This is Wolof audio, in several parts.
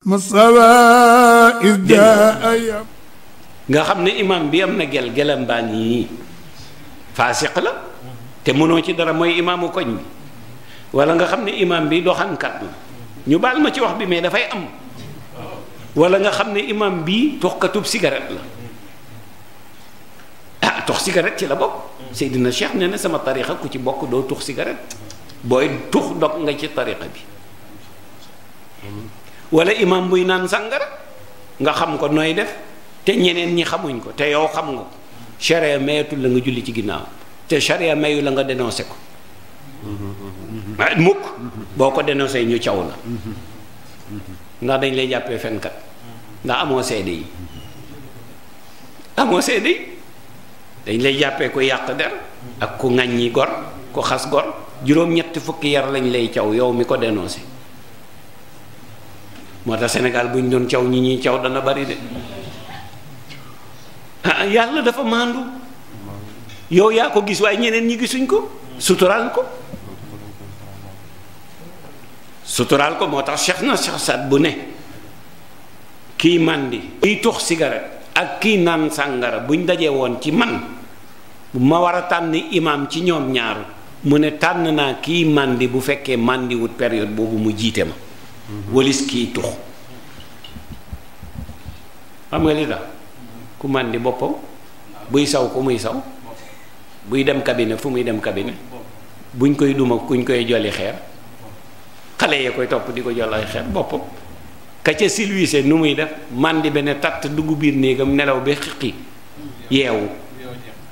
nga xam ne imam bi am na gel gelam baa ngi faasiq la te mënoo ci dara mooy imaamu koñ bi wala nga xam ne imam bi doxankat la ñu baal ma ci wax bi mais dafay am walla nga xam ne imam bi toxkatub cigarette la ah tox cigarette ci la bopp Seydina Cheikh nee na sama tarixa ku ci bokk doo tux cigarette booy tux dog nga ci tarixa bi wala imam buy naan sàngara nga xam ko nooy def te ñeneen ñi xamuñ ko te yow xam nga ko charia mayatul la nga julli ci ginnaaw te charia mayu la nga dénoncé ko mm-hmm. ah, mukk boo ko dénoncé ñu caw la ndax dañ lay jàppee fenkat ndax amoo seede yi amoo seede yi dañ lay jàppee ko yàq der ak ku ŋàññi gor ku xas gor juróom-ñetti fukki yar lañ lay caw yow mi ko dénoncé moo tax Sénégal bu ñu doon caw ñi ñuy caw dana bari de ah, yàlla dafa maandu yow yaa ko gis waaye ñeneen ñi gisuñ ko suturaal ko suturaal ko moo tax Cheikh na Cheikh bu ne kii màndi kii tux cigarette ak kii naan sàngara buñ dajee woon ci man bu ma war a tànn imaam ci ñoom ñaaru mu ne tànn naa kii màndi bu fekkee màndi wut boobu mu jiite ma walis kii tux xam nga li tax ku màndi boppam buy saw ku muy saw buy dem cabine fu muy dem cabine buñ koy duma kuñ koy jolli xeer xale yee koy topp di ko jol ay xeer boppam ka ca silwiise nu muy def màndi benn tatt dugg biir néegam nelaw bi xiqi yeewu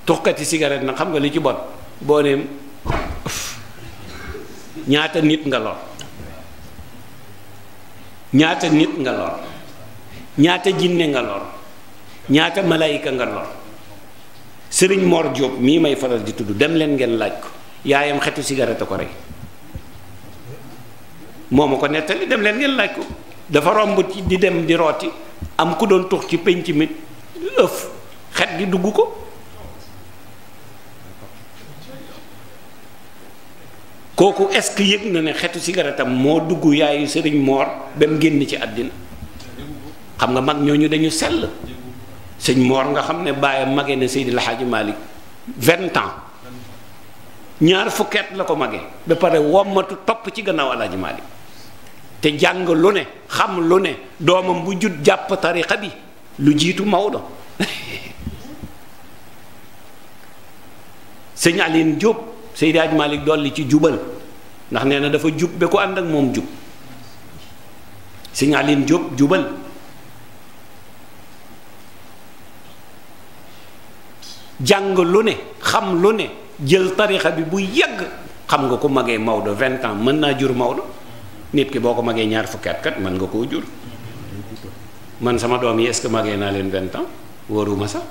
tuxkati cigarette nag xam nga li ci bon boo ne ñaata nit nga lor ñaata nit nga lor ñaata jinne nga lor ñaata malaayika nga lor sëriñ Mor Diop mii may faral di tudd dem leen ngeen laaj ko yaayam xetu cigarette ko rey moom ma ko nettali dem leen ngeen laaj ko dafa romb ci di dem di rooti am ku doon tux ci penc mit ëf xet gi dugg ko kooku est-ce que yëg na ne xetu sigaretam moo dugg yaayu sëriñ moor ba mu génn ci àddina xam nga mag ñooñu dañu sell sëñ moor nga xam ne bàyyam magee na Seydi El Hadji Malick vingt ans ñaar fukkeet la ko magee ba pare wommatu topp ci gannaaw El Hadji Malick te jàng lu ne xam lu ne doomam bu jut jàpp tariqa bi lu jiitu Maodo sëñ Aline Diop Seydi Aj Malik dolli ci jubal ndax nee na dafa jub ba ku ànd ak moom jub Sëñ Aline Diop jubal jàng lu ne xam lu ne jël tarixa bi bu yàgg xam nga ko magee Maodo vingt ans mën naa jur Maodo nit ki boo ko magee ñaar fukki at kat mën nga koo jur man sama doom yi est-ce magee naa leen vingt ans wóoruma sax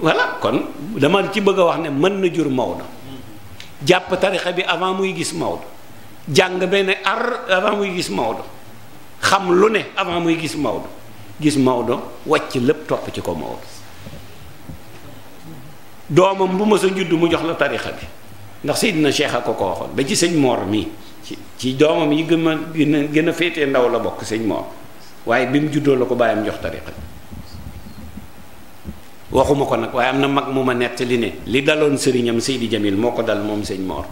voilà kon dama ci bëgg a wax ne mën na jur Maodo jàpp tarixa bi avant muy gis Maodo jàng benn ar avant muy gis Maodo xam lu ne avant muy gis Maodo gis Maodo wàcc lépp topp ci ko Maodo doomam bu ma sa judd mu jox la tarixa bi ndax Seydina na a ko ko waxoon ba ci sëñ moor mi ci ci doomam yi gën a gën a féetee ndaw la bokk sëñ Mor waaye bi mu juddoo la ko bàyyam jox tarixa bi waxuma ko nag waaye am na mag mu ma nettali ne li daloon sëriñam di Jamil moo ko dal moom sëñ moor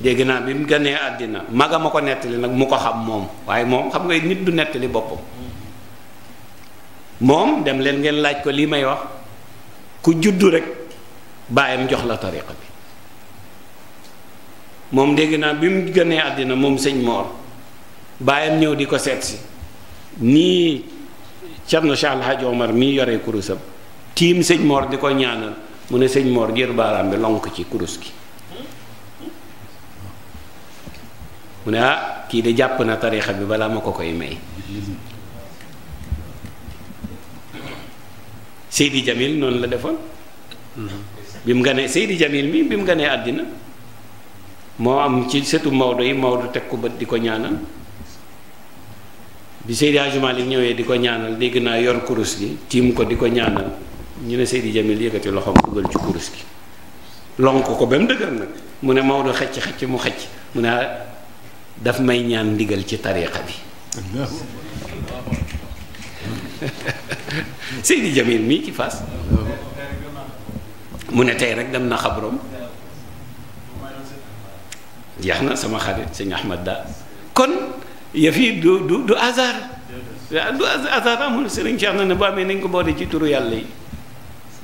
dégg naa bi mu ganee àddina maga ma ko nettali nag mu ko xam moom waaye moom xam nga nit du nettali boppam moom dem leen ngeen laaj ko lii may wax ku juddu rek baayam jox la tariqa bi moom dégg naa bi mu ganee àddina moom sëñ Mor baayam ñëw di ko seetsi nii Cerno Cheikh Alhaji Omar mii yore kurusam tiim sëñ Mor di ko ñaanal mu ne sëñ moor jër baaraam bi lonk ci kurus gi mu ne ah kii de jàpp na tarixa bi balaa ma ko koy may Seydi Jamil noonu la defoon bi mu ganee Seydi Jamil mi bi mu ganee àddina moo am ci sëtu Maodo yi Maodo teg ko bët di ko ñaanal bi Seydi Hadji Malick ñëwee di ko ñaanal dégg naa yor kurus gi tiim ko di ko ñaanal ñu ne Seydi Jamil yëkkati loxoom dugal ci kurus gi lonk ko ba mu dëgër nag mu ne Maodo xëcc xëcc mu xëcc mu ne daf may ñaan ndigal ci tariqa bi Seydi Jamil mu ne tey rek dem na xabrom jeex na sama xarit sëñ Ahmad Da kon yëf yi du du du hasard ah, du hasard amul Serigne Cheikh na ne bu amee nañ ko boole ci turu yàlla yi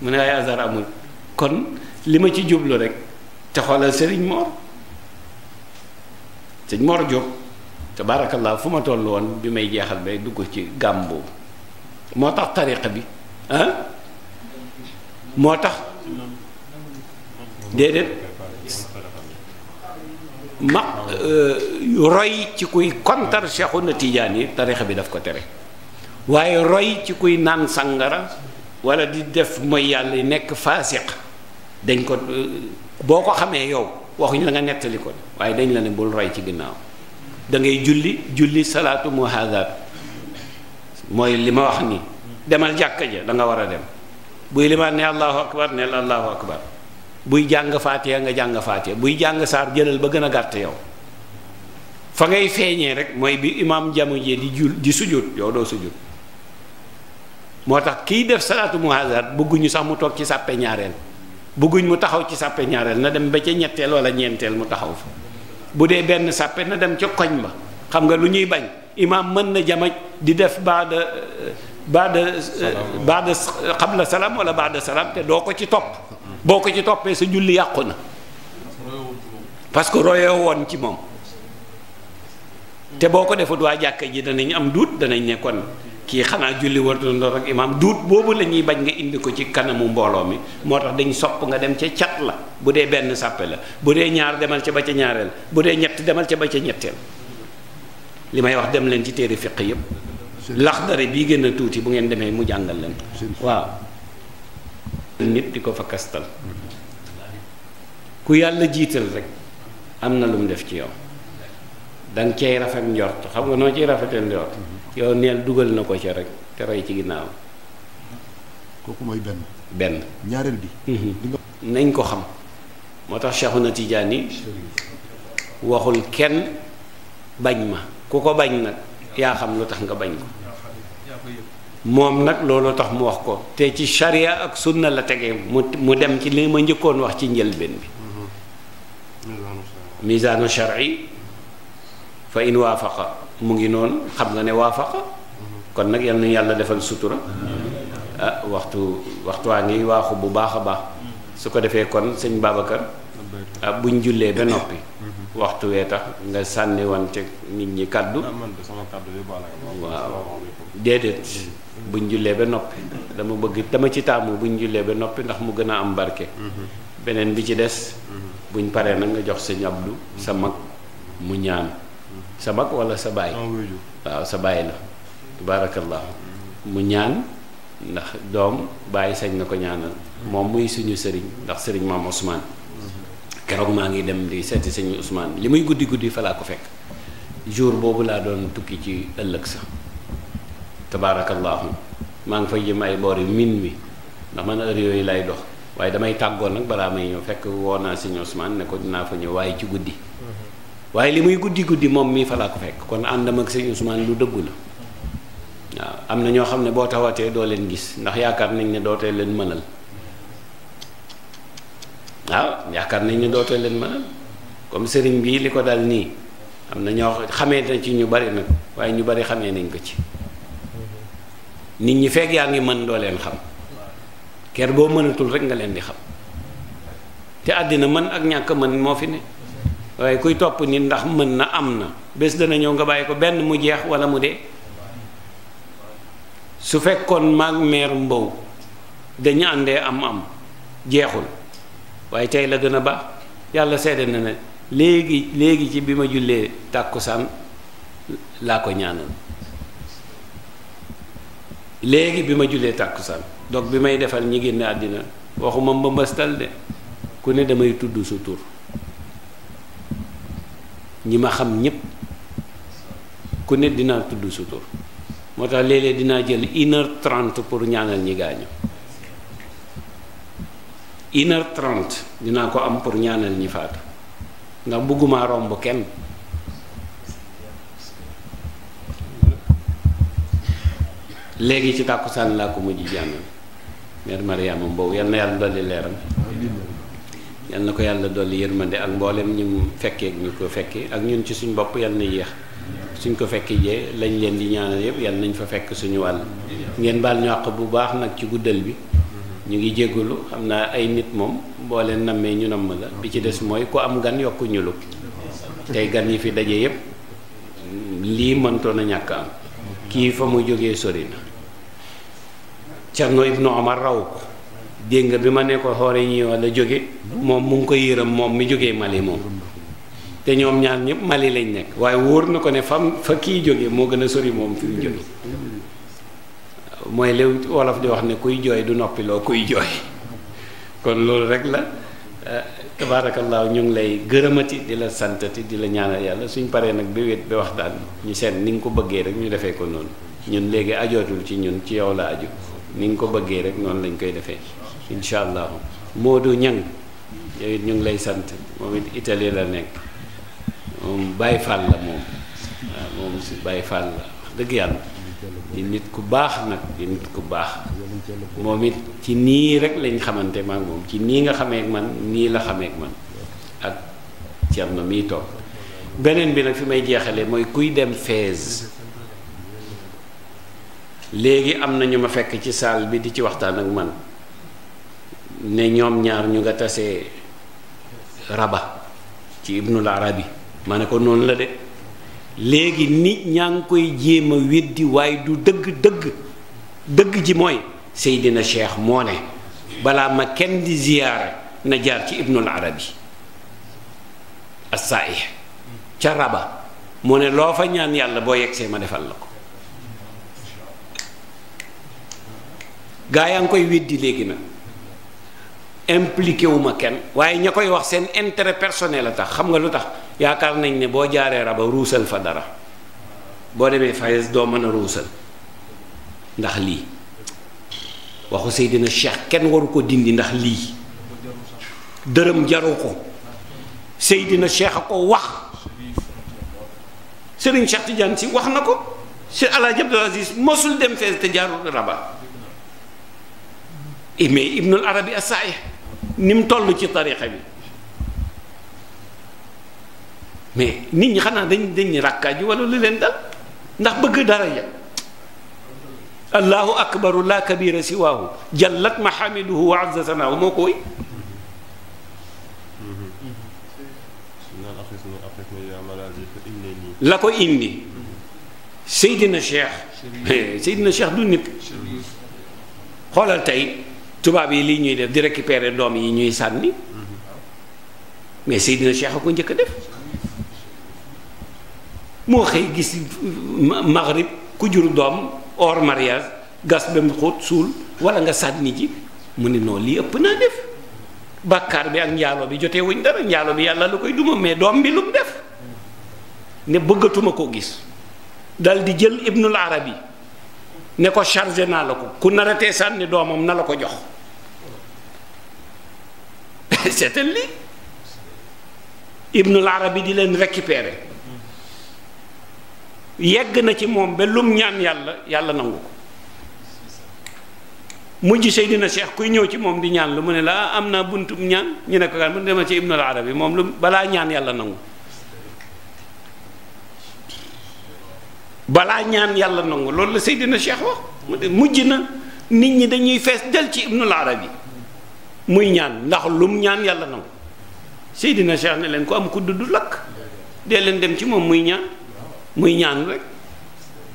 mu ne ay hasard amul kon li ma ci jublu rek te xoolal Serigne Mor Serigne Mor Diop tabaarakallaa fu ma toll woon bi may jeexal bay dugg ci gàmm boobu moo tax tariqa bi ah moo tax déedéet ma euh, roy ci kuy kontar na tiijaan yi tarixa bi daf ko tere waaye roy ci kuy naan sàngara walla di def mooy yàlla yi nekk faasiq dañ ko euh, boo ko xamee yow waxuñ la nga nettali ko waaye dañ la ne bul roy ci ginnaaw da ngay julli julli salaatu muhaadaat mooy li ma wax ni demal jàkka ja da nga war a dem buy limaat ne allahu akbar neel allahu akbar buy jàng faatiya nga jàng faatiya buy jàng saar jëlal ba gën a gàtt yow fa ngay feeñee rek mooy bi imaam jamo jee di jul di sujud yow doo sujud moo tax kiy def salaatu muhazar bëgguñu sax mu toog ci sàppe ñaareel bëgguñ mu taxaw ci sàppe ñaareel na dem ba ca ñetteel wala ñeenteel mu taxaw fa bu dee benn sàppe na dem ca koñ ba xam nga lu ñuy bañ imaam mën na jama di def baada baada eh, baada qabla salaam walla baada salaam te doo ko ci topp boo ko ci toppee sa julli yàqu na parce que royoo woon ci moom te boo ko defut waa jàkka ji danañ am duut danañ nekkoon kii xanaa julli war doon ak imaam duut boobu la ñuy bañ nga indi ko ci kanamu mbooloo mi moo tax dañ sopp nga dem ca cat la bu dee benn sàppe la bu dee ñaar demal ca ba ca ñaareel bu dee ñett demal ca ba ca ñetteel li may wax dem leen ci téere fiq yépp laxdari bii gën a tuuti bu ngeen demee mu jàngal leen waaw nit di ko fa kastal ku yàlla jiital rek am na lu mu def ci yow danga cay rafet njort xam nga noo ci rafetal njort mm-hmm. yow neel dugal na ko ca rek te roy ci ginnaaw kooku mooy benn benn ñaareel bi mm-hmm. nañ ko xam moo tax na tiijaan yi waxul kenn bañ ma ku ko bañ nag yaa xam lu tax nga bañ ko moom nag looloo tax mu wax ko te ci sharia ak sunna la tegee mu mu dem ci li ma njëkkoon wax ci njëlbeen bi misaanu shar'i fa in waafaxa mu ngi noonu xam nga ne waafaqa kon nag yal nañu yàlla defal sutura ah, waxtu waxtu waa ngi waaxu bu baax a baax su ko defee kon sëñ Babacar ah buñ jullee ba noppi waxtu wee tax nga sànni woon ci nit ñi kàddu ah, waaw déedéet buñ jullee ba noppi dama bëgg dama ci taamu buñ jullee ba noppi ndax mu gën a am barke mhm. beneen bi ci des mhm. buñ paree na nga jox sa ñabdu mhm. sa mag mu ñaan sa mag wala sa baay waaw sa baay la tabaarakallah mu ñaan ndax doom bàyyi sañ na ko ñaanal moom muy suñu sëriñ ndax sëriñ maam Ousmane keroog maa ngi dem di seeti sëñ Ousmane li muy guddi guddi fa laa ko fekk jour boobu laa doon tukki ci ëllëg sa tabaarakallaahu maa ngi fay jëm ay boor yi min mi ndax man heure yooyu lay dox waaye damay tàggoon nag balaa may ñëw fekk woo naa sëñ Ousmane ne ko dinaa fa ñëw waaye ci guddi mm-hmm. waaye li muy guddi guddi moom mii fa laa ko fekk kon àndam ak sëñ Ousmane lu dëggu la waaw am na ñoo xam ne boo tawatee doo leen gis ndax yaakaar nañ ne dootee leen mënal waaw yaakaar nañ ni dootoo leen mënal comme sëriñ bii li ko dal nii am na ñoo xamee na ci ñu bari nag waaye ñu bari xamee nañ ko ci nit ñi fekk yaa ngi mën doo leen xam ker boo mënatul rek nga leen di xam te àddina mën ak ñàkk mën moo fi ne waaye kuy topp nit ndax mën na am na bés dana ñëw nga bàyyi ko benn mu jeex wala mu dee su fekkoon maag meer mbow dañu àndee am am jeexul waaye tey la gën a baax yàlla sedd na ne léegi léegi ci bi ma jullee tàkkusaan laa ko ñaanal léegi bi ma jullee tàkkusaan dog bi may defal ñi génn àddina waxuma mbambastal de ku ne damay tudd sa tur ñi ma xam ñépp ku ne dinaa tudd sa tur moo tax léeg-léeg dinaa jël une heure trente pour ñaanal ñi gaañu une heure trente dinaa ko am pour ñaanal ñi faatu ndax bëgguma romb kenn léegi ci tàkkusaan laa ko mujj jànnal mère Mariama Mbow yal na yàlla dolli leeram yal na ko yàlla dolli yërmande ak mboolem ñu fekkee ak ñu ko fekkee ak ñun ci suñ bopp yal na yéex suñ ko fekkee jee lañ leen di ñaanal yëpp yal nañ fa fekk suñu wàll ngeen baal ñu àq bu baax nag ci guddal bi ñu ngi jéggalu xam naa ay nit moom boo leen nammee ñu namm la bi ci des mooy ku am gan yokk ñulu tey gan yi fi daje yépp lii mëntoon a ñàkk am kii fa mu jógee sori na Cerno Ibnu Omar raw ko dégg nga bi ma ne ko xoore ñi walla jóge moom mu ngi ko yërëm moom mi jógee Mali moom te ñoom ñaan ñëpp Mali lañ nekk waaye wóor na ko ne fam fa kii jóge moo gën a sori moom fi mu jóge mooy li wolof di wax ne kuy jooy du noppiloo kuy jooy kon loolu rek la eh, tabaarakallaahu ñu ngi lay gërëmati di la santati di la ñaanal yàlla suñ paree nag bi wet bi wax ñu seet ni nga ko bëggee rek ñu defee ko noonu ñun léegi ajootul ci ñun ci yow la aju ni nga ko bëggee rek noonu lañ koy defee incha allahu Modou Ñang yow it ñu ngi lay sant moom it Italie la nekk moom Baye Fall la moom waaw ah, moom si Baye Fall la dëgg yàlla di nit ku baax nag di nit ku baax moom it ci nii rek lañ xamante maak moom ci nii nga xamee ak man nii la xamee ak man ak Cerno miy toog beneen bi nag fi may jeexale mooy kuy dem Fès léegi am na ñu ma fekk ci saal bi di ci waxtaan ak man ne ñoom ñaar ñu nga tasee raba ci Ibnul Arabi ma ne ko noonu la de léegi nit ñaa ngi koy jéem a weddi waaye du dëgg dëgg dëgg ji mooy Seydina Cheikh moo ne balaa ma kenn di ziyaara na jaar ci Ibnul Arabi as-Saih ca Raba mu ne loo fa ñaan yàlla boo yegsee ma defal la ko gaa yaa ngi koy weddi léegi nag impliqué wu kenn waaye ña koy wax seen intérêt personnel a tax xam nga lu tax yaakaar nañ ne boo jaaree raba ruusal fa dara boo demee Fayes doo mën a ruusal ndax lii waxu Seydina Cheikh kenn waru ko dindi ndax lii dërëm jaru ko Seydina Cheikh a ko wax sëriñ Cheikh Tidiane si wax na ko Cheikh El Hadj Aziz mosul dem Fayes te jaarul raba mais Ibnul Arabi Asaayih ni mu toll ci tarixa bi. mais nit ñi xanaa dañ dañ ràkkaaju wala lu leen dal ndax bëgg dara ya allahu akbaru la kabira siwaahu jallat mahamiduhu wa azza sanaahu moo ko woy la ko indi Seydina Cheikh Seydina Cheikh du nit xoolal tey tubaab yi lii ñuy def di récupérer doom yi ñuy sànni mais Seydina Cheikh a ko njëkk a def moo xëy gis maghrib ku jur doom hors mariage gas ba mu xóot suul wala nga sànni ji mu ne noonu lii ëpp naa def bàkkaar bi ak njaaloo bi jotee wuñ dara njaaloo bi yàlla lu koy duma mais doom bi lu def ne bëggatuma ko gis dal di jël ibnul arabi ne ko chargé naa la ko ku naratee sànni doomam na la ko jox seetal lii ibnul arabi di leen récupérer yegg na ci moom ba lum ñaan yàlla yàlla nangu ko mujj Seydina Cheikh kuy ñëw ci moom di ñaan lu mu ne la ah, am naa buntum ñaan ñu ne ko kan mu demal ci Ibnul Arabi moom lu balaa ñaan yàlla nangu balaa ñaan yàlla nangu loolu la Seydina Cheikh wax mujj na nit ñi dañuy fees del ci Ibnul Arabi muy ñaan ndax lum ñaan yàlla nangu Seydina Cheikh ne leen ko am ku dudd lakk dee leen dem ci moom muy ñaan muy ñaan rek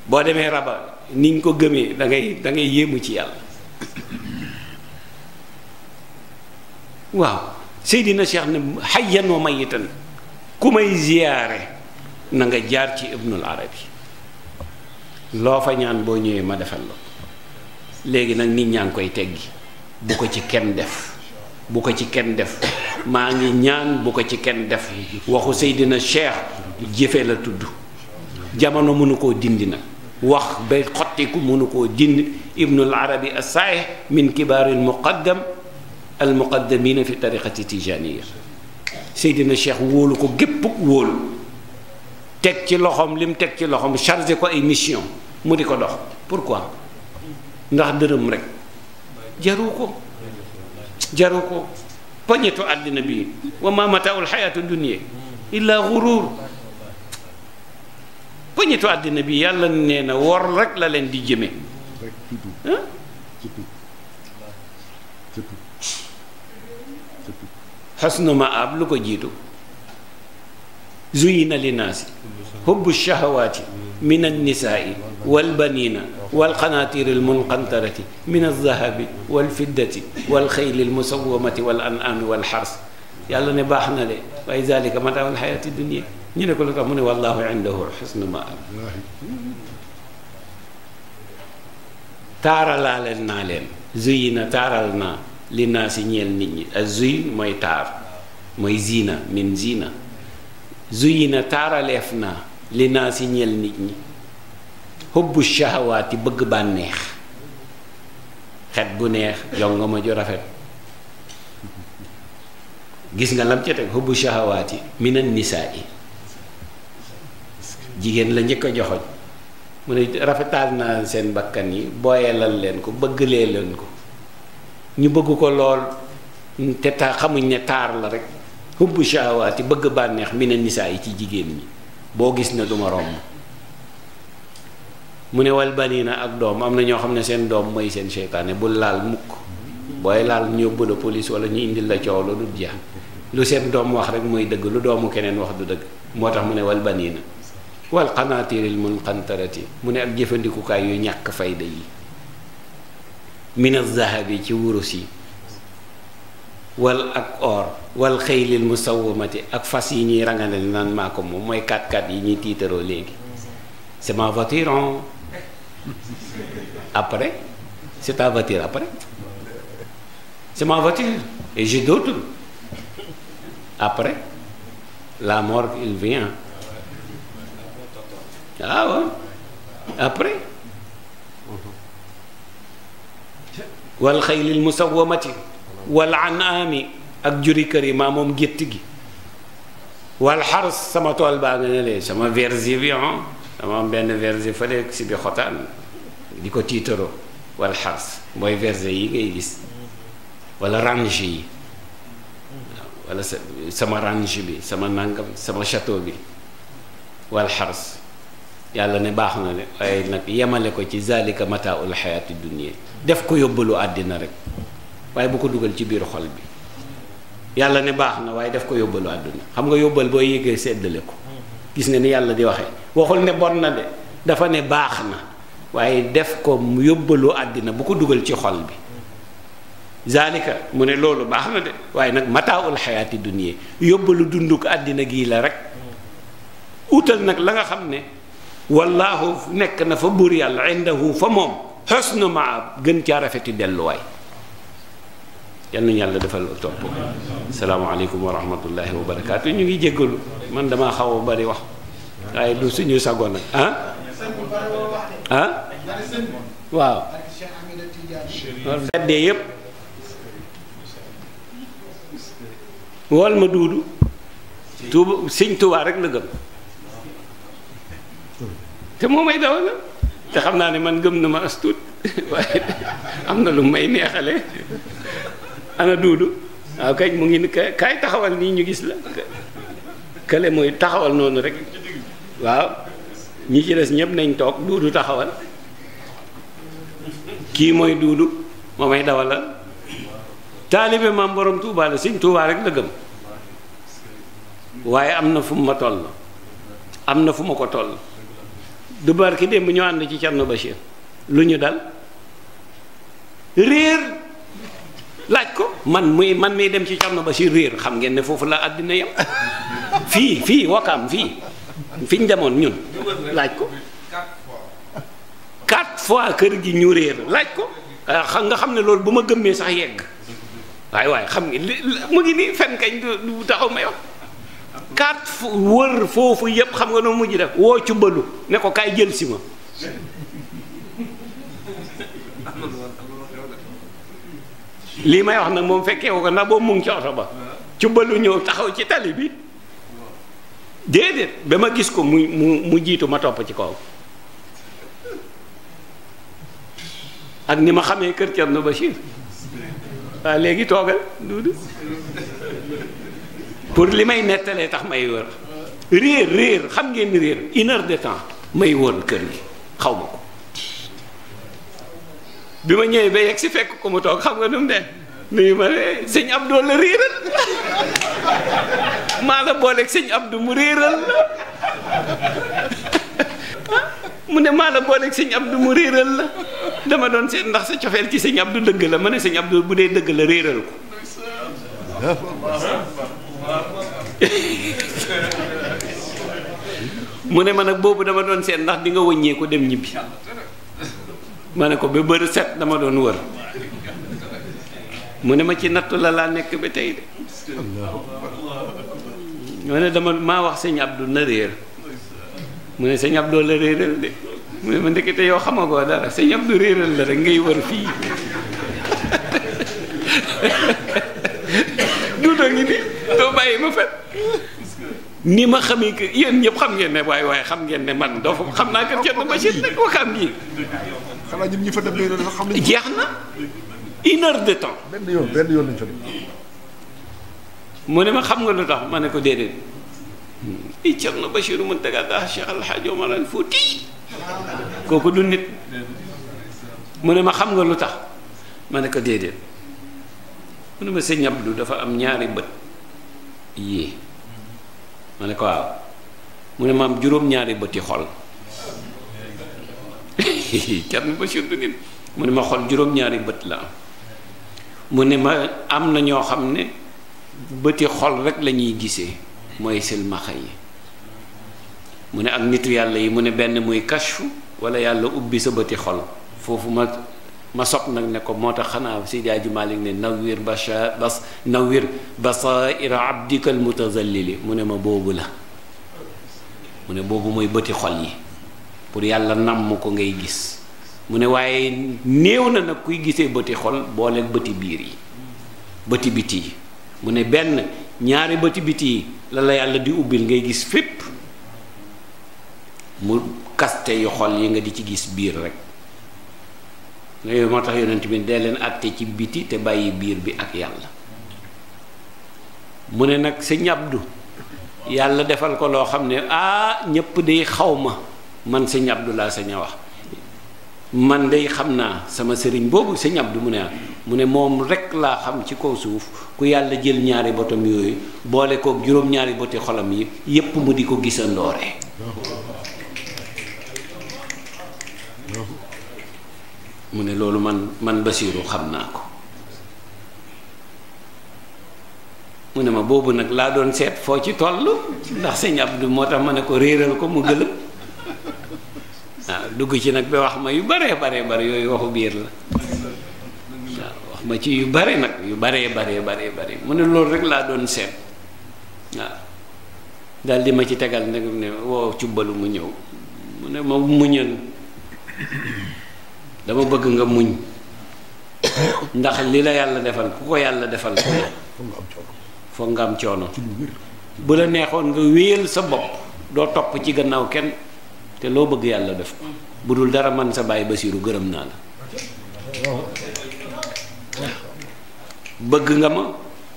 boo demee raba niñ ko gëmee dangay dangay da yéemu ci yàlla waaw Seydina Cheikh ne hayyan wa itam ku may ziyaare na nga jaar ci Ibnul Arabi loo fa ñaan boo ñëwee ma defal la léegi nag nit ñaa ngi koy teggi bu ko ci kenn def bu ko ci kenn def maa ngi ñaan bu ko ci kenn def waxu Seydina Cheikh jëfe la tudd jamono mënu koo dindi nag wax ba xottiku mënu ko dindi ibnul arabi as-saaih min kibaaril muqaddam al muqaddamina fi tariqati tijaniya seydina cheikh wóolu ko gépp wóolu teg ci loxoom lim teg ci loxoom chargé ko ay mission mu di ko dox pourquoi ndax dërëm rek jaru ko jaru ko poñetu àddina bi wa ma mataaul xayaatu dunya illa xuruur ba ñitu àddina bi yàlla nee na wor rek la leen di jëme xasnu maab lu ko jiitu zuyina linaasi hubbu shahawaati min annisaai walbanina walqanaatiri almunqantarati min aldahabi walfiddati walxeyli almusawamati walanami walxars yàlla ne baax na de waaye zalika mataaw alxayaati dunia ñu ne ko lu tax mu ne wallaahu indahu xusnu ma am taaralaa leen naa leen zuyina taaral naa li naa si ñeel nit ñi ak zuy mooy taar mooy zina min zina zuyina taaraleef naa li naa si ñeel nit ñi xubbu shahawaati bëgg bànneex xet gu neex yongo ma ju rafet gis nga lam ca teg xubbu shahawaati minan nisaa yi jigéen la njëkk a joxoñ mu ne rafetaal naa seen bakkan yi booyelal leen ko bëggalee leen ko ñu bëgg ko lool te ta xamuñ ne taar la rek hubbu shahawaati bëgg bànneex mi ne nisaa yi ci jigéen ñi boo gis ne duma romb mu ne wal baniina ak doom am na ñoo xam ne seen doom mooy seen seytaane bul laal mukk booy laal ñu yóbbu la police wala ñu indi la coow la du jeex lu seen doom wax rek mooy dëgg lu doomu keneen wax du dëgg moo tax mu ne wal baniina wal qanaatiiril munqantarati mu ne ak jëfandikukaay yu ñàkk fayda yi min az-zahabi ci wurus yi wal ak or wal xëylil musawamati ak fas yi ñuy rangale naan maa moom mooy 4 x yi ñuy tiitaroo léegi c'est ma après c'est ta après c'est ma voiture et j'ai d'autres après la mort il vient ah ouais. après wal xaylil musawamati wal anaami ak juri kër yi maa moom gétt gi wal xars sama tool baa nga ne lee sama versi bi on ah. dama am benn versi fële si bi xotaan di ko tiitaroo wal xars mooy versi yi ngay gis wala range yi wala sama range bi sama nangam sama château bi wal xars yàlla ne baax na de waaye nag yemale ko ci zalika mataaul xayaati dunya def ko yóbbalu àddina rek waaye bu ko dugal ci biir xol bi yàlla ne baax na waaye def ko yóbbalu àdduna xam nga yóbbal boo yéegee séddale ko nga ni yàlla di waxee waxul ne bon na de dafa ne baax na waaye def ko yóbbalu àddina bu ko dugal ci xol bi zalika mu ne loolu baax na de waaye nag mataaul xayaati dunya yóbbalu dunduk àddina gii la rek utal nag la nga xam ne wallaahu nekk na fa buur yàlla indahu fa moom xës na maab gën caa rafeti delluwaay yal nañu yàlla defal topp salaamaaleykum wa rahmatullahi wa barakaatu ñu ngi jéggalu man damaa xaw a bari wax waaye du suñu sagoon nag ah ah waaw seddee yépp wool ma duudu tuuba sëñ Tuubaa rek la gëm te moo may dawal la te xam naa ni man gëm na ma astut waaye am na lu may neexale ana duudu waaw kañ mu ngi kaay taxawal nii ñu gis la kële mooy taxawal noonu rek waaw ñi ci des ñëpp nañ toog duudu taxawal kii mooy duudu moo may dawalal taalibe maam borom Touba la sëñ rek la gëm waaye am na fu ma toll am na fu ma ko toll du barki démb ñoo ànd ci Thierno Bachir lu ñu dal réer laaj ko man muy man muy dem ci Thierno Bachir réer xam ngeen ne foofu la àddina yam fii fii wakaam fii fi ñu demoon ñun laaj ko quatre fois kër gi ñu réer laaj ko euh, xam nga xam ne loolu bu ma gëmmee sax yegg waaye waaye xam nga mu ngi nii fen kañ du taxaw ma yow quatre wër foofu yépp xam nga nu mujj def woo ci balu ne ko kaay jël si ma lii may wax nag moom fekkee ko ndax boobu mu ngi ci oto ba ci balu ñëw taxaw ci tali bi déedéet ba ma gis ko mu mu mu jiitu ma topp ci kaw ak ni ma xamee kër Thierno Bachir waa léegi toogal duudu pour li may nettalee tax may wër réer réer xam ngeen ni réer une heure de temps may woon kër gi xaw ma ko bi ma ñëwee ba yegg si fekk ko mu toog xam nga nu mu ne nuyu ma ne sëñ Abdou la réeral maa la booleeg sëñ Abdou mu réeral la mu ne maa la booleeg sëñ Abdou mu réeral la dama doon seet ndax sa cofeel ci sëñ Abdou dëgg la ma ne sëñ Abdou bu dee dëgg la réeral ko. mu ne ma nag boobu dama doon seet ndax di nga wëññeeku dem ñibbi ma ne ko ba bër set dama doon wër mu ne ma ci nattu la laa nekk ba tey de ma ne dama maa wax sëñ Abdou na réer mu ne sëñ Abdou la réeral de mu ne ma ndekete yow xamagoo dara sëñ Abdou réeral la ngay wër fii duuta ngi ni doo bàyyi ma fet ni ma xam que yéen ñëpp xam ngeen ne waaye waaye xam ngeen ne man doo fa xam naa kër Thierno Bachir nag waxaam yi. jeex na une heure de benn yoon benn ne ma xam nga lu tax ma ne ko déedéet. i Thierno Bachir mu tegaat ah Cheikh El Hadj kooku du nit. mu ne ma xam nga lu tax ma ne ko déedéet mu ne ma sëñ Abdou dafa am ñaari bët yii. ma ne ko waaw mu ne maam juróom-ñaari bëti xol Thierno Bachir Doudine mu ne ma xol juróom-ñaari bët la am mu ne ma am na ñoo xam ne bëti xol rek la ñuy gisee mooy silmaxa yi mu ne ak nitu yàlla yi mu ne benn muy kashfu wala yàlla ubbi sa bëti xol foofu ma ma sob nag ne ko moo tax xanaa Seydi Hadji Malick ne nawwir basha bas ira basaira abdikal mutazallili mu ne ma boobu la mu ne boobu mooy bëti xol yi pour yàlla namm ko ngay gis mu ne waaye néew na nag kuy gisee bëti xol booleeg bëti biir yi bëti biti yi mu ne benn ñaari bëti biti yi la la yàlla di ubbil ngay gis fépp mu kaste yu xol yi nga di ci gis biir rek yooyu moo tax yonent bi dee leen àtte ci biti te bàyyi biir bi ak yàlla mu ne nag sa ñabdu yàlla defal ko loo xam ne ah ñépp day xaw ma man sa ñabdu laa sañ a man dey xam naa sama sëriñ boobu sa ñabdu mu ne ah mu ne moom rek laa xam ci kaw suuf ku yàlla jël ñaari botam yooyu boole kook juróom-ñaari boti xolam yi yépp mu di ko gisandoore mu ne loolu man man Basiiru xam naa ko mu ne ma boobu nag laa doon seet foo ci toll ndax sëñ Abdou moo tax ma ne ko réeral ko mu gëlëm waaw dugg ci nag bi wax ma yu baree baree bare yooyu waxu biir la waaw wax ma ci yu bare nag yu baree baree baree bare mu ne loolu rek laa doon seet waaw daal di ma ci tegal nag ne woo cubbalu mu ñëw mu ne ma muñal dama bëgg nga muñ ndax li la yàlla defal ku ko yàlla defal foog nga am coono bu la neexoon nga wéyal sa bopp doo topp ci gannaaw kenn te loo bëgg yàlla def ko bu dul dara man sa bàyyi basiiru gërëm naa la bëgg nga ma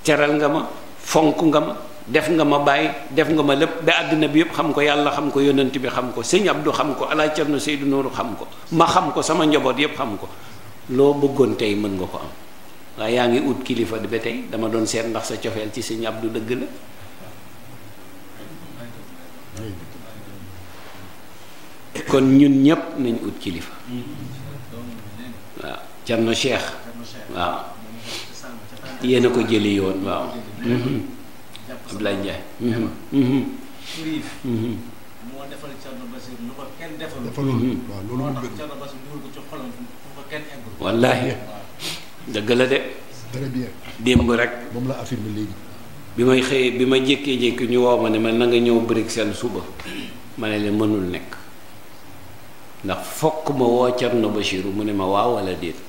teral nga ma fonk nga ma def nga ma bàyyi def nga ma lépp ba àddina bi yëpp xam ko yàlla xam ko yonent bi xam ko sëñ Abdou xam ko Alaaji Cerno Seydou Nourou xam ko ma xam ko sama njaboot yëpp xam ko loo bëggoon tey mën nga ko am waaye yaa ngi ut kilifa ba tey dama doon seet ndax sa cofeel ci sëñ Abdou dëgg la kon ñun ñépp nañ ut kilifa waaw Cerno Cheikh waaw yéen a ko jëli yoon waaw mhm. Abdoulaye Ndiaye. Chérif. Mmh. Mmh. Mmh. moo dëgg la de. démb rek. bi may xëyee bi ma jékkee-jékki ñu wow ma ne ma nanga nga ñëw Bruxelles suba ma ne leen mënul nekk ndax fokk ma woo Thierno mu ne ma waaw walla déet.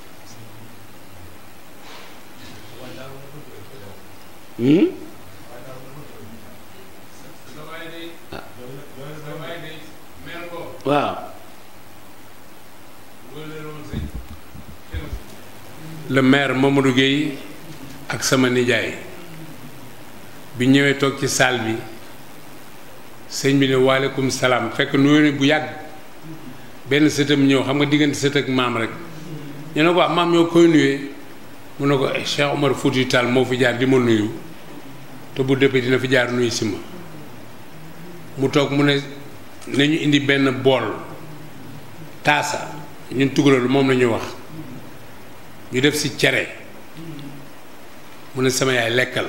waaw. le maire Mamadou Gueye ak sama nijaay bi ñëwee toog ci salle bi sëñ bi ne waaleykum salaam fekk nuyu ne bu yàgg benn sëtam ñëw xam nga diggante sët ak maam rek ñu ko wax ah, maam ñoo koy nuyee mu ne ko eh, Cheikh Omar Foutiyou Tall moo fi jaar di ma nuyu te bu dëppee dina fi jaar nuyu si ma mu toog mu ne. nañu indi benn bool taasa ñun tugalal moom la ñu wax ñu def si cere mu ne sama yaay lekkal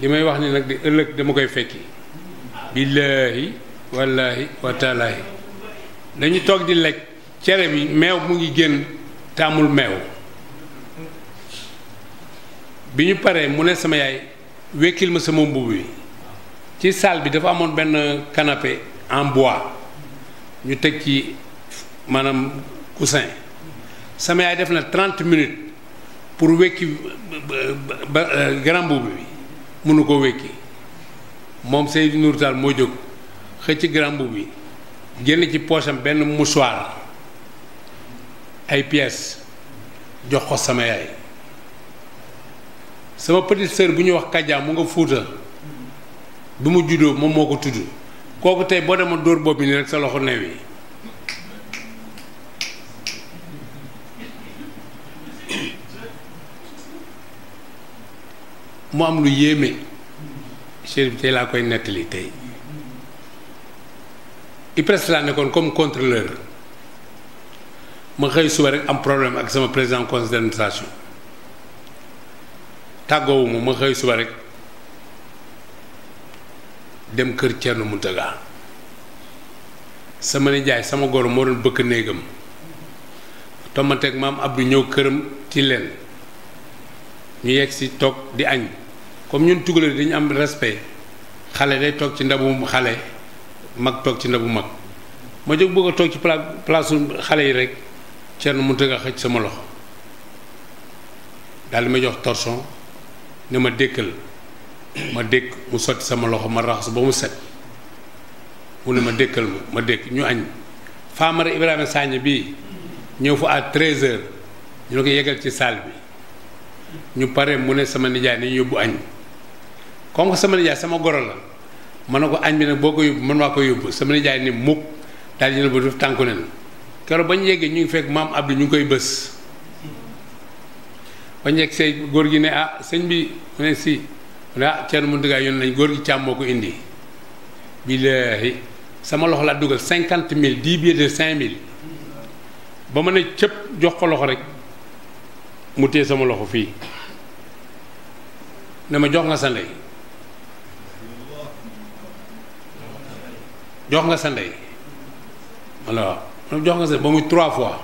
li may wax ni nag di ëllëg dama koy fekki billaahi wallaahi wataalaahi dañu toog di lekk cere bi meew mu ngi génn taamul meew bi ñu paree mu ne sama yaay wekkil ma sama mbubb bi ci saal bi dafa amoon benn kanape en bois ñu teg ci maanaam coussin sama yaay def na trente minutes pour wekki ba grand mbubb bi mënu koo wékki moom Seydou Nour moo jóg xëcc grand mbubb bi génn ci poosam benn mouchoir ay pièces jox ko sama yaay sama petite sœur bu ñuy wax Kaja mu nga Fuuta bi mu juddoo moom moo ko tudd kooku tey boo demoon dóor bopp bi nii rek sa loxo new yi mu am lu yéeme chérif tey laa koy nettali tey IPRES laa nekkoon comme contrôleur ma xëy suba rek am problème ak sama président conseil d'administration tàggoowu ma ma xëy suba rek dem kër Thierno Mountaga sama nijaay sama goro moo doon bëkk néegam tommanteeg maam Abdou ñëw këram ci leen ñu yegg si toog di añ comme ñun tugaloo dañu am respect xale day toog ci ndabu xale mag toog ci ndabu mag ma jóg bëgg toog ci pla xale yi rek Thierno Mountaga xëj sama loxo daal di ma jox torchon ne ma dékkal. ma dékk mu sotti sama loxo ma raxas ba mu set mu ne ma dékkal ma ma dékk ñu añ Famara Ibrahima Sagna bi ñëw fa à 13h ñu ne ko yegal ci saal bi ñu pare mu ne sama nijaay nañu yóbbu añ comme que sama nijaay sama goro la ma ne ko añ bi nag boo ko yóbbu mën maa ko yóbbu sama nijaay ni mukk daal di ne ba def tànku nen keroog ba ñu yeggee ñu ngi fekk maam Abdou ñu ngi koy bës ba ñu yegg say góor gi ne ah sëñ bi mu ne si. mu ne ah Thierno Mountaga yónnee nañ góor gi moo ko indi billaahi sama loxo laa dugal cinquante mille dix billets de cinq mille ba ma ne cëpp jox ko loxo rek mu téye sama loxo fii ne ma jox nga sa ndey jox nga sa ndey alors ma jox nga sa ba muy trois fois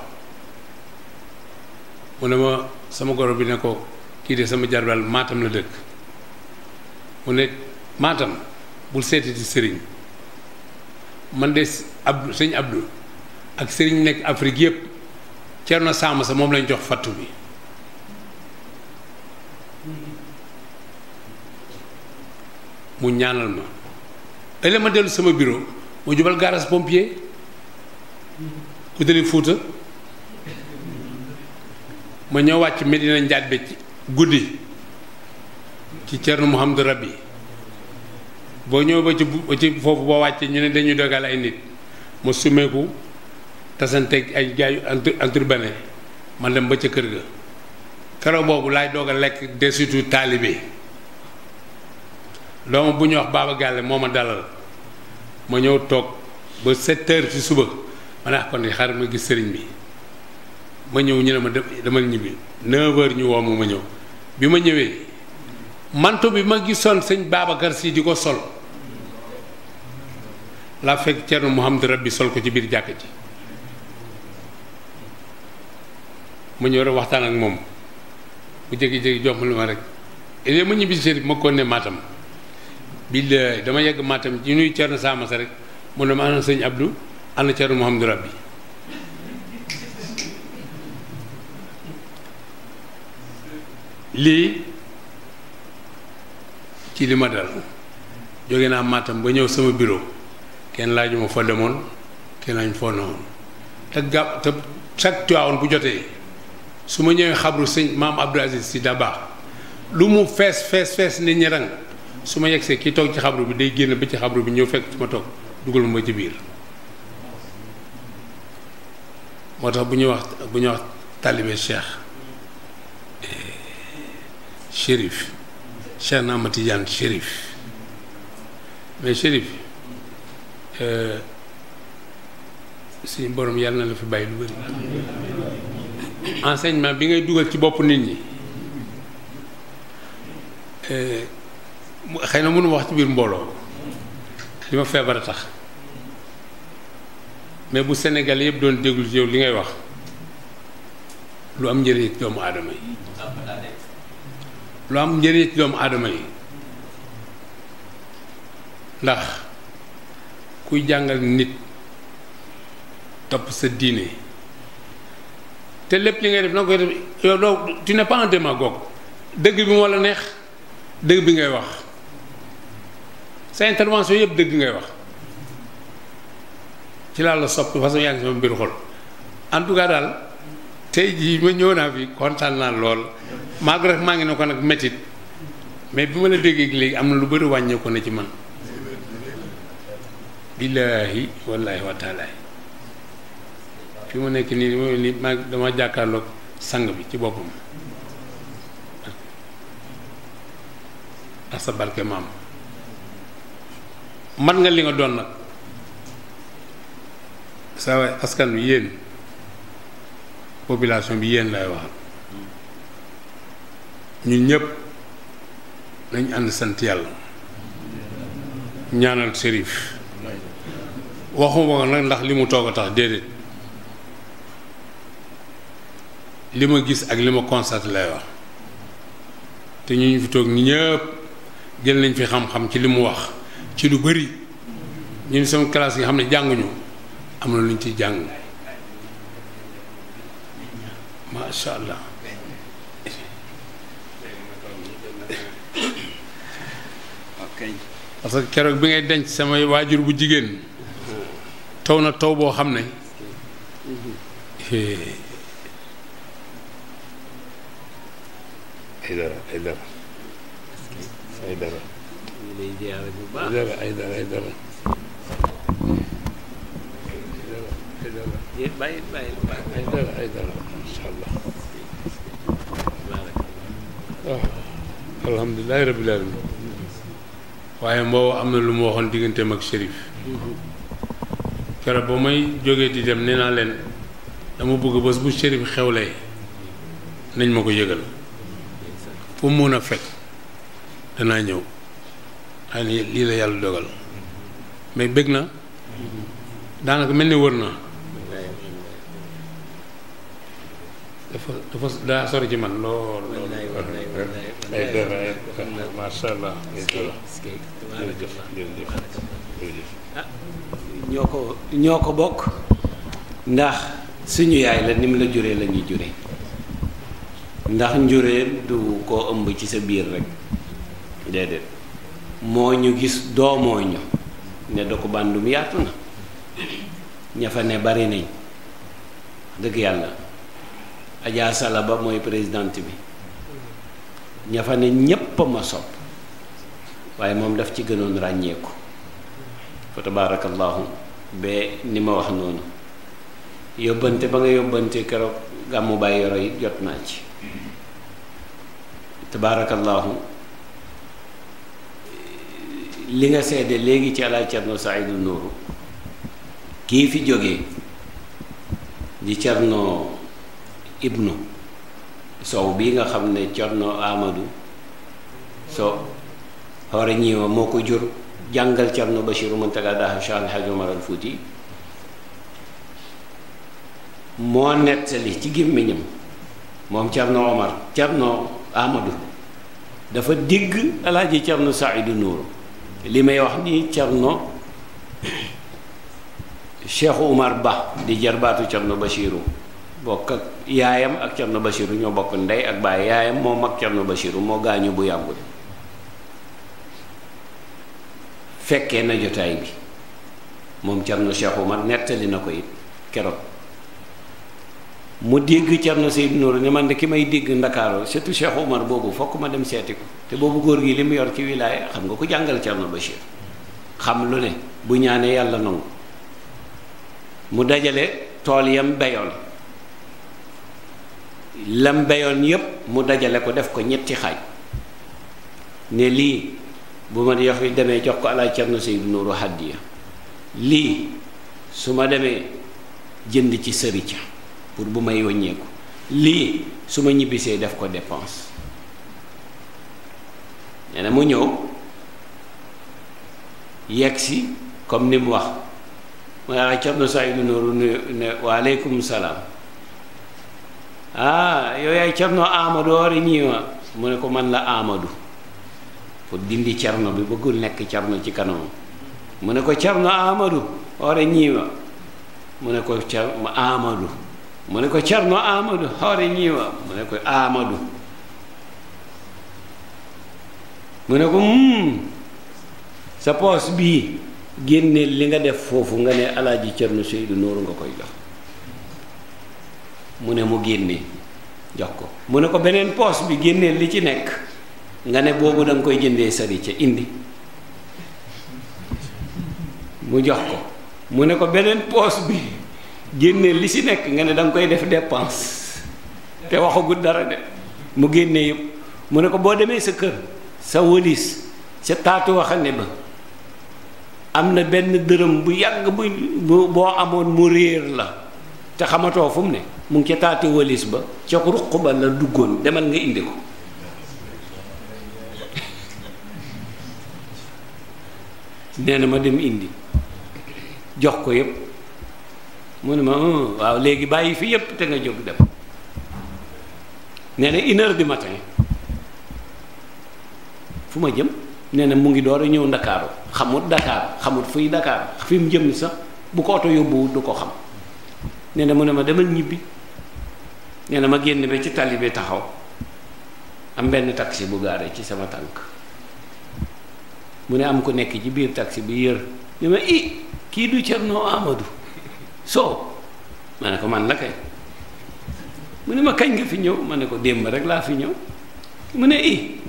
mu ne ma sama goro bi ne ko kii de sama jarbaal maatam la dëkk mu ne maatam bul seetati sëriñ man de Abdou sëñ Abdou ak sëriñ nekk Afrique yëpp Cerno Saam sa moom lañ jox fattu bi mu ñaanal ma ëllëg ma dellu sama biro mu jubal garage pompier ku Fuuta ma ñëw wàcc Medina Njaat bi ci guddi ci Thierno Mouhamadou Rabi boo ñëw ba ci ci foofu boo wàccee ñu ne dañuy dogal ay nit mu sumeeku tasanteeg ay gars yu bene man dem ba ca kër ga keroog boobu laay doog a lekk desitu taalibe doomu bu ñuy wax Baba Gàlle moo ma dalal ma ñëw toog ba sept ci suba ma ne ah, kon xaaral ma gis sëriñ bi ma ñëw ñu ne ma demal ñibbi 9 heures ñu woo ma ñëw bi ma ñëwee. manto bi ma gisoon sëñ Babacar si di ko sol laa fekk Thierno Mouhamadou Rabbi sol ko ci biir jàkk ji mu ñëw rek waxtaan ak moom bu jékki-jékki jox ma lu ma rek et ma ñibbi si ma ko ne Matam dama yegg maatam ci nuy Thierno Sama sa rek mu ne ma ana sëñ Abdou ana Thierno Mouhamadou Rabbi lii. ci li ma dal jóge naa Matam ba ñëw sama bureau kenn laaju ma fa demoon kenn laaj foo newoon te gàpp te chaque Tivaouane bu jotee su ma ñëwee xabru sëñ maam Abdou Aziz si Dabaax lu mu fees fees fees ni ñi rang su ma yegsee kii toog ci xabru bi day génn ba ci xabru bi ñëw fekk su ma toog dugal ma ci biir moo tax bu ñuy wax bu ñuy wax talibé cheikh eh, chérif Cheikh na Ahmad Tidiane Chérif mais Chérif euh, suñu borom yàlla na la fi bàyyi lu bëri enseignement bi ngay dugal ci bopp nit ñi euh, xëy na munu wax ci biir mbooloo li ma feebar a tax mais bu Sénégal yëpp doon déglu ci li ngay wax lu am njëriñ doomu aadama yi lu am njëriñ ci doomu aadama yi ndax kuy jàngal nit topp sa diine te lépp li ngay def na koy def yow doo tu n'es pas dëgg bi moo la neex dëgg bi ngay wax sa intervention yëpp dëgg ngay wax ci laa la sopp façon yaa ngi sama mbir xol en tout cas daal tey jii ma ñëw naa fi kontaan naa lool maa ko maa ngi ne ko nag metit mais bi ma la déggee léegi am na lu bari wàññeeku na ci man billaahi wallaahi wa taalaay fi mu nekk nii ma ni maa dama jàkkaarloog sang bi ci boppam ak sa barke maam man nga li nga doon nag saa waay askan bi yéen population bi yéen lay waxal ñun ñëpp nañ ànd sant yàlla ñaanal sérif waxuma ko nag ndax li mu toog a tax déedéet li ma gis ak li ma constaté lay wax te ñu ñu fi toog ñi ñëpp jël nañ fi xam-xam ci li mu wax ci lu bëri ñun sama classe yi xam ne jànguñu am na lu ñu ci jàng macha kañ. parce que keroog bi ngay denc samay waajur bu jigéen taw na taw boo xam ne eh, ay dara ay dara ay dara ay dara ay dara ay dara ay dara masha allah alhamdulilahi rabbil waaye mboobu am na lu mu waxoon digganteem ak shérif keroog ba may jógee di dem nee naa leen dama bëgg bës bu shérif xewlee nañ ma ko yëgal fu mu a fekk danaa ñëw xëy lii la yàlla dogal mais bëgg na daanaka mel ni wër na dafa man lool. wallaay wallaay ñoo ko ñoo ko bokk. ndax suñu yaay la ni mu la juree la ñuy juree. ndax njuree du koo ëmb ci sa biir rek déedéet moo ñu gis doomoo ne da ko bandum yaatu na ña fa ne bari nañ dëgg yàlla Adja ba mooy présidente bi ña fa ne ma sopp waaye moom daf ci gënoon ràññeeku fa tabaarakallaahu ba ni ma wax noonu yóbbante ba nga yóbbante keroog gàmmu bàyyi yoro jot naa ci tabaarakallaahu li nga seede léegi ci Alaaji Cerno Saidu Nuuru kii fi jógee di Cerno ibnu sow bii nga xam ne Cerno Amadou Sow xore ñiwa moo ko jur jàngal Cerno Bachiru Muntaga Daha Cheikh Al Hadj Omar Al moo nettali ci gémmiñam moom Cerno Omar Cerno Amadou dafa digg alaaji Cerno Saidu Nuuru li may wax nii Cerno Cheikh Umar Ba di jarbaatu Cerno Bachiru bokk ak yaayam ak Cerno Bachiru ñoo bokk ndey ak baay yaayam moo mag Cerno Bachiru moo gaañu bu yàggul fekkee na jotaay bi moom Cerno Cheikh Oumar nettali na koy it keroog mu digg Cerno Seydou Nourou ne man de ki may dégg ndakaaroo surtout Cheikh Oumar boobu fokk ma dem seeti ko te boobu góor gi li mu yor ci wilaaya xam nga ko jàngal Cerno Bachir xam lu ne bu ñaanee yàlla nangu mu dajale tool yam bayoon lam béyoon yépp mu dajale ko def ko ñetti xaaj ne lii bu ma yox yi demee jox ko alaaj Cerno Seydu Nuuru hàddiya lii su ma demee jënd ci sëri ca pour bu may wàññeeku lii su ma ñibbisee def ko dépense nee mu ñëw yegg si comme ni mu wax ma alaaj Cerno Seydu Nuuru ne waaleykum salaam ah yow yaay Cerno Amadu wari ñii mu ne ko man la Amadu pour dindi Cerno bi bëggul nekk Cerno ci kanamam mu ne ko Cerno Amadu wari ñii mu ne ko Amadu mu ne ko Cerno Amadu wari ñii ko Amadu mu ne ko mm sa poos bii génneel li nga def foofu nga ne alaaji Cerno Seydu Nooru nga koy jox mu ne mu génne jox ko mu ne ko beneen poos bi génneel li ci nekk nga ne boobu da nga koy jëndee sarice indi mu jox ko mu ne ko beneen poos bi génneel li ci nekk nga ne danga koy def dépense te waxagut dara de mu génne yëpp mu ne ko boo demee sa kër sa wëlis sa taatu waxane ba am na benn dërëm bu yàgg bu boo amoon mu réer la te xamatoo fu mu ne mu ngi ca taati walis ba ca ruq ba la duggoon demal nga indi ko nee ma dem indi jox ko yépp mu ne ma waaw léegi bàyyi fii yëpp te nga jóg dem nee na di heure matin fu ma jëm nee na mu ngi door a ñëw ndakaaru xamut Dakar xamut fuy Dakar fi mu jëm sax bu ko oto yóbbuwut du ko xam nee na mu ne ma demal ñibbi ne na ma génn ba ci tali bi taxaw am benn taxi bu gaare ci sama tànk mu ne am ku nekk ci biir taxi bi yër ne ma i kii du Cerno Amadou Sow ma ne ko man la kay mu ne ma kañ nga fi ñëw ma ne ko démb rek laa fi ñëw mu ne i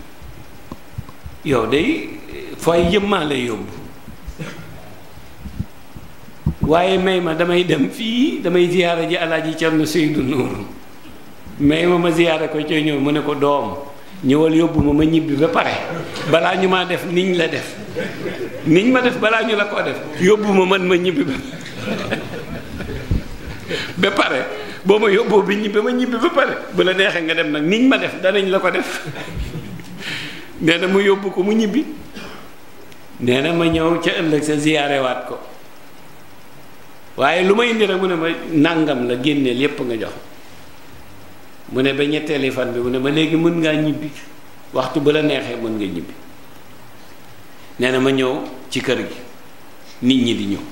yow day fooy jëm lay yóbbu waaye may ma damay dem fii damay ziyaara ji alaaji Cerno Seydu Nuuru may ma ma ziyaara ko ci ñëw mu ne ko doom ñëwal yóbbu ma ma ñibbi ba pare balaa ñu maa def niñ la def niñ ma def balaa ñu la ko def yóbbu ma man ma ñibbi ba boo ma yóbboo bi ñibbi ma ñibbi ba pare bu la neexee nga dem nag niñ ma def danañ la ko def nee na mu yóbbu ko mu ñibbi nee na ma ñëw ca ëllëg sa ziyaarewaat ko waaye lu ma indi rek mu ne ma nàngam la génneel yépp nga jox mu ne ba ñetteeli fan bi mu ne ma léegi mën ngaa ñibbi waxtu ba la neexee mën nga ñibbi nee na ma ñëw ci kër gi nit ñi di ñëw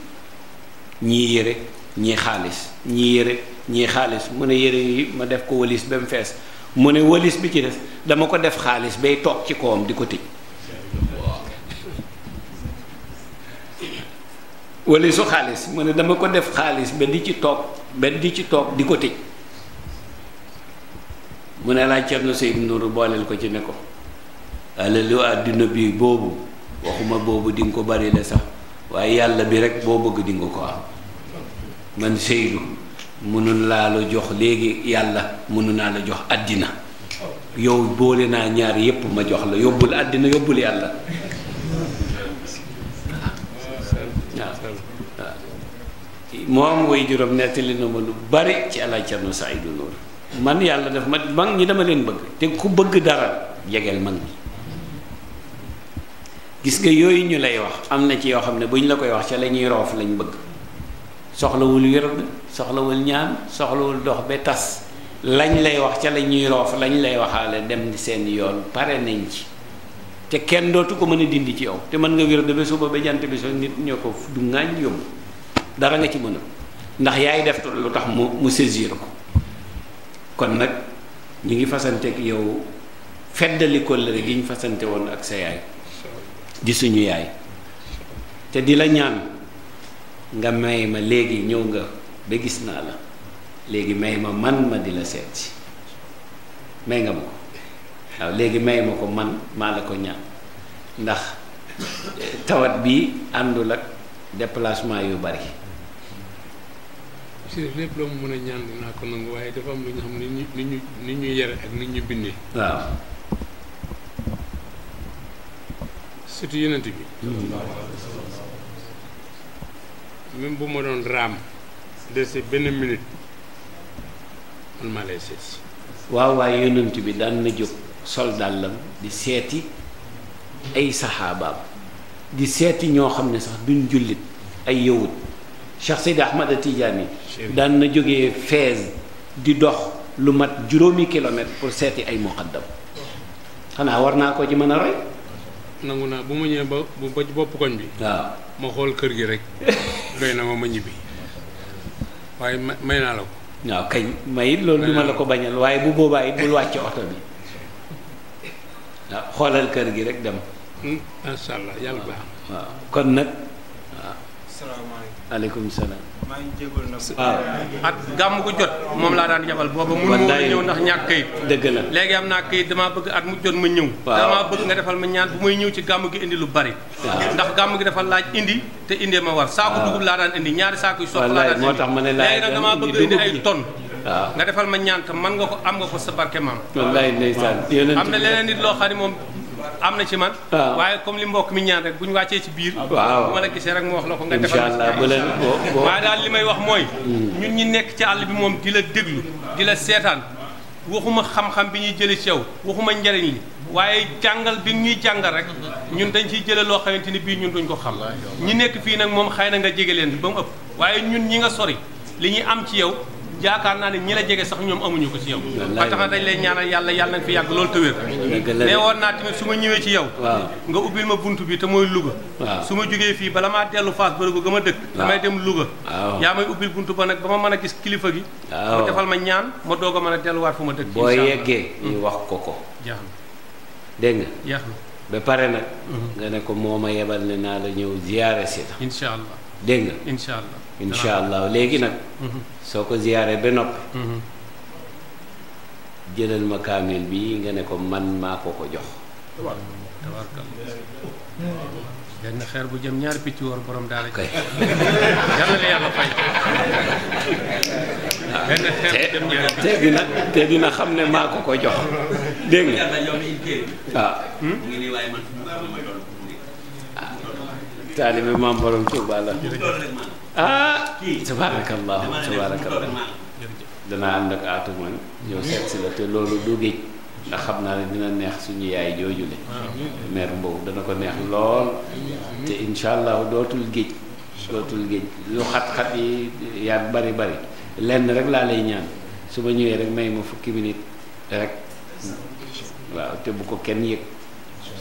ñii yére ñii xaalis ñii yére ñii xaalis mu ne yére yi ma def ko walis ba mu fees mu ne walis bi ci des dama ko def xaalis bay toog ci kawam di ko tëj wala su xaalis mu ne dama ko def xaalis ba di ci toog ba di ci toog di ko tëj mu ne laaj Cerno Seyd Nuuru booleel ko ci ne ko alalu àdduna bi boobu waxuma boobu di ko bari la sax waaye yàlla bi rek boo bëgg dinga ko am man Seydou mënun laa la jox léegi yàlla mënu naa la jox àddina yow boole naa ñaar yépp ma jox la yóbbul àddina yóbbul yàlla moom way juróom nettali na ma lu bari ci alaaj Cerno Saydu Nuur man yàlla daf ma mag ñi dama leen bëgg te ku bëgg dara jegeel mag ñi gis nga yooyu ñu lay wax am na ci yoo xam ne bu ñu la koy wax ca la ñuy roof lañ bëgg soxlawul wérd soxlawul ñaan soxlawul dox ba tas lañ lay wax ca la ñuy roof lañ lay waxaale dem seen yoon pare nañ ci te kenn dootu ko mën a dindi ci yow te mën nga wérd ba suba ba jant bi so nit ñoo ko du ngaañ yóbbu dara nga ci mënul ndax yaay def lu tax mu mu saisir ko kon nag ñu ngi fasante ak yow feddali kóllëre gi ñu fasante woon ak sa yaay di suñu yaay te di la ñaan nga may ma léegi ñëw nga ba gis naa la léegi may ma man ma di la seet si may nga ma ko waaw léegi may ma ko man maa la ko ñaan ndax tawat bi àndul ak déplacement yu bari Chérif lépp loo mën a ñaan dinaa ko nangu waaye dafa am lu ñu xam ni ñu ni ñu yare ak ni ñu bindee. waaw. surtout yonent bi. même bu ma doon raam. dese benn minute man maa lay seet si. waaw waaye yonent bi daan na jóg sol di seeti ay saxaabaam di seeti ñoo xam ne sax duñ jullit ay yawut Cheikh a tiijaan yi daan na jóge Fès di dox lu mat juróomi kilomètre pour seeti ay muqaddam xanaa war naa ko ci mën a roy nangu naa bu ma ñëwee ba bu ba bopp koñ bi waaw ma xool kër gi rek doy na ma ma ñibbi waaye may naa la ko waaw kañ may loolu duma la ko bañal waaye bu boobaa it bul wàcc oto bi waaw xoolal kër gi rek dem hmm, macha allah yàlla baax waaw kon nag aleykum salaam. maa ngi jégalu ah. gàmm gu jot moom laa daan yabal booba mënu ma ñëw ndax ñàkk kayit dëgg la léegi am naa kayit dama bëgg at mu jot ma ñëw damaa bëgg nga defal ma ñaan bu may ñëw ci gàmm gi indi lu bari ndax gàmm gi dafa laaj indi te indee ma war saako dugub laa daan indi ñaari saako yu sopp laa daan indi léegi nag damaa bëgg indi ay tonnes waaw nga defal ma ñaan te man nga ko am nga ko sa barke maam am na leneen nit loo xam ne moom am na ci man. waaye comme li mbokk mi ñaan rek bu ñu wàccee ci biir. waaw bu ma la gisee rek mu wax la ko nga defal. incha allah bu leen waaye daal li may wax mooy. Hmm. ñun ñi nekk ci àll bi moom di la déglu di la seetaan waxuma xam-xam bi ñuy jëlee ci yow waxuma njariñ li waaye jàngal bi ñuy jàngal rek ñun dañ ciy jële loo xamante ni bii ñun duñ ko xam. ñi nekk fii nag moom xay na nga jege leen ba mu ëpp waaye ñun ñi nga sori li ñuy am ci yow yaakaar naa ne ñi la jege sax ñoom amuñu ko ci yow ba tax dañ lay ñaanal yàlla yàlla nañ fi yàgg loolu te wér nee naa tamit su ma ñëwee ci yow nga ubbil ma bunt bi te mooy Louga su ma jógee fii bala maa dellu Fass bërëbu ga ma dëkk damay dem luga yaa may ubbil bunt ba nag ba ma mën a gis kilifa gi mu defal ma ñaan ma doog a mën a delluwaat fu ma dëkk boo yeggee ñu mm. wax ko ko jaax na nga jaax na ba pare nag mm-hmm. nga ne ko moo ma yebal ne naa la ñëw ziyaare si la dégg nga incha incha allah léegi nag mm-hmm. soo ko ziyaaree ba noppi mhm. jëlal ma kaamil bi nga ne ko man maa ko ko jox tabarkal bu jëm ñaari picc war borom kay ah. te dina te dina xam ne maa ko ko jox dégg nga ah. hmm? waaw ah. taalibe maam borom la ah tabaarakallahu tabaarakallahu danaa ànd ak aatuman yow hmm. seet la te loolu du géej ndax xam naa ne dina neex suñu yaay jooju le ah. meer Mbow dana ko neex lool hmm. te incha allahu dootul géej dootul géej lu xat-xat yi yaat bari bari lenn rek laa lay ñaan su ma ñëwee rek may ma fukki minute rek waaw te bu ko kenn yëg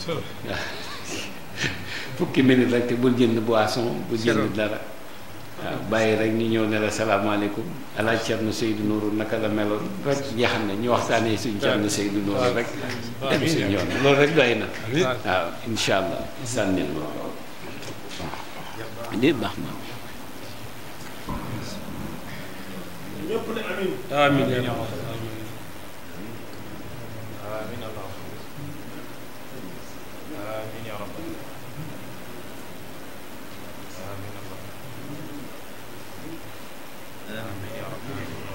fukki minute rek te bul jënd boisson bul jënd dara waaw bàyyi rek ñu ñëw ne la salaamaaleykum alaaj Cerno Seydou Nourou naka la meloon rek nga xam ne ñu waxtaanee suñ Cerno Seydou Nourou rek dem suñ yoon loolu rek doy na waaw insha allah sànnil ma déet baax na ñëpp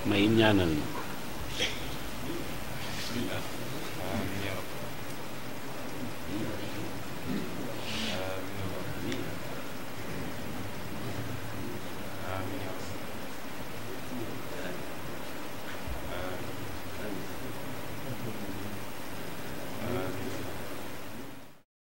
may ñaanal ñu